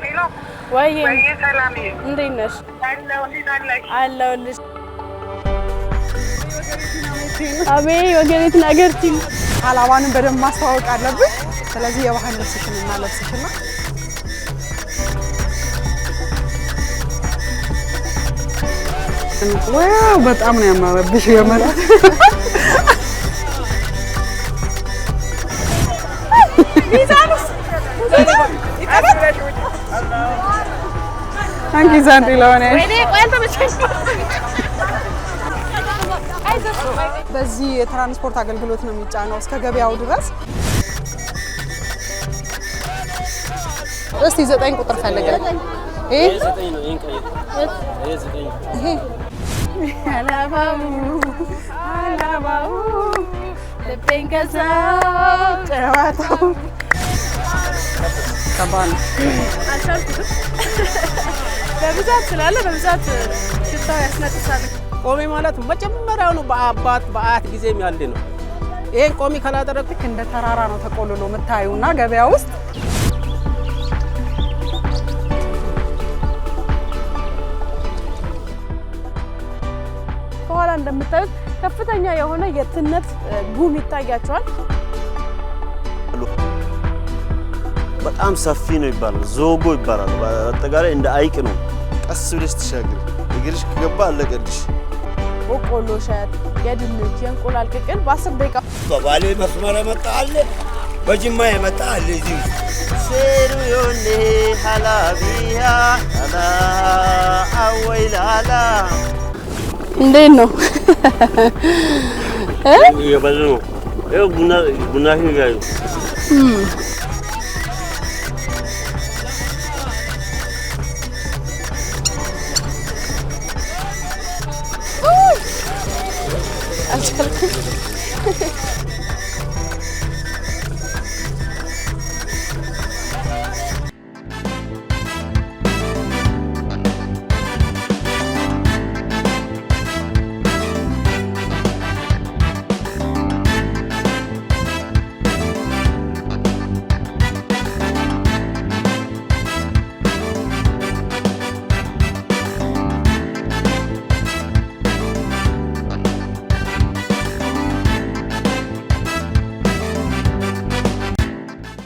የሚለው ወይ ሰላም እንዴት ነሽ? አለሁልሽ። አቤት ወገኔትን አገርችን አላማንም በደንብ ማስተዋወቅ አለብን። ስለዚህ የባህል ልብስሽን እና ነው ዋው በጣም ነው ያማረብሽ። የመረ ቢዛም አንቺ ዛንዲ ለሆነ በዚህ የትራንስፖርት አገልግሎት ነው የሚጫነው እስከ ገበያው ድረስ። እስቲ ዘጠኝ ቁጥር ፈልገን ይሄ ልታስቀባ ነው። አልቻልኩትም። በብዛት ስላለ በብዛት ሽታ ያስነጥሳል። ቆሜ ማለት መጀመሪያውኑ በአባት በአያት ጊዜ ያለ ነው። ይሄን ቆሚ ካላደረግ ልክ እንደ ተራራ ነው ተቆልሎ የምታዩ የምታዩና ገበያ ውስጥ ከኋላ እንደምታዩት ከፍተኛ የሆነ የትነት ጉም ይታያቸዋል። በጣም ሰፊ ነው ይባላል። ዞጎ ይባላል። አጠቃላይ እንደ አይቅ ነው። ቀስ ብለሽ ትሻግር፣ እግርሽ ከገባ አለቀልሽ። በቆሎ ሸት፣ የድንች የእንቁላል ቅቅል በ10 ደቂቃ በባሌ መስመር የመጣ አለ፣ በጅማ የመጣ አለ። እዚህ ሴሩ ዮኔ ሀላቢያ ላ አወይ ላላ እንዴት ነው? የበዙ ቡና ቡና あ、違う。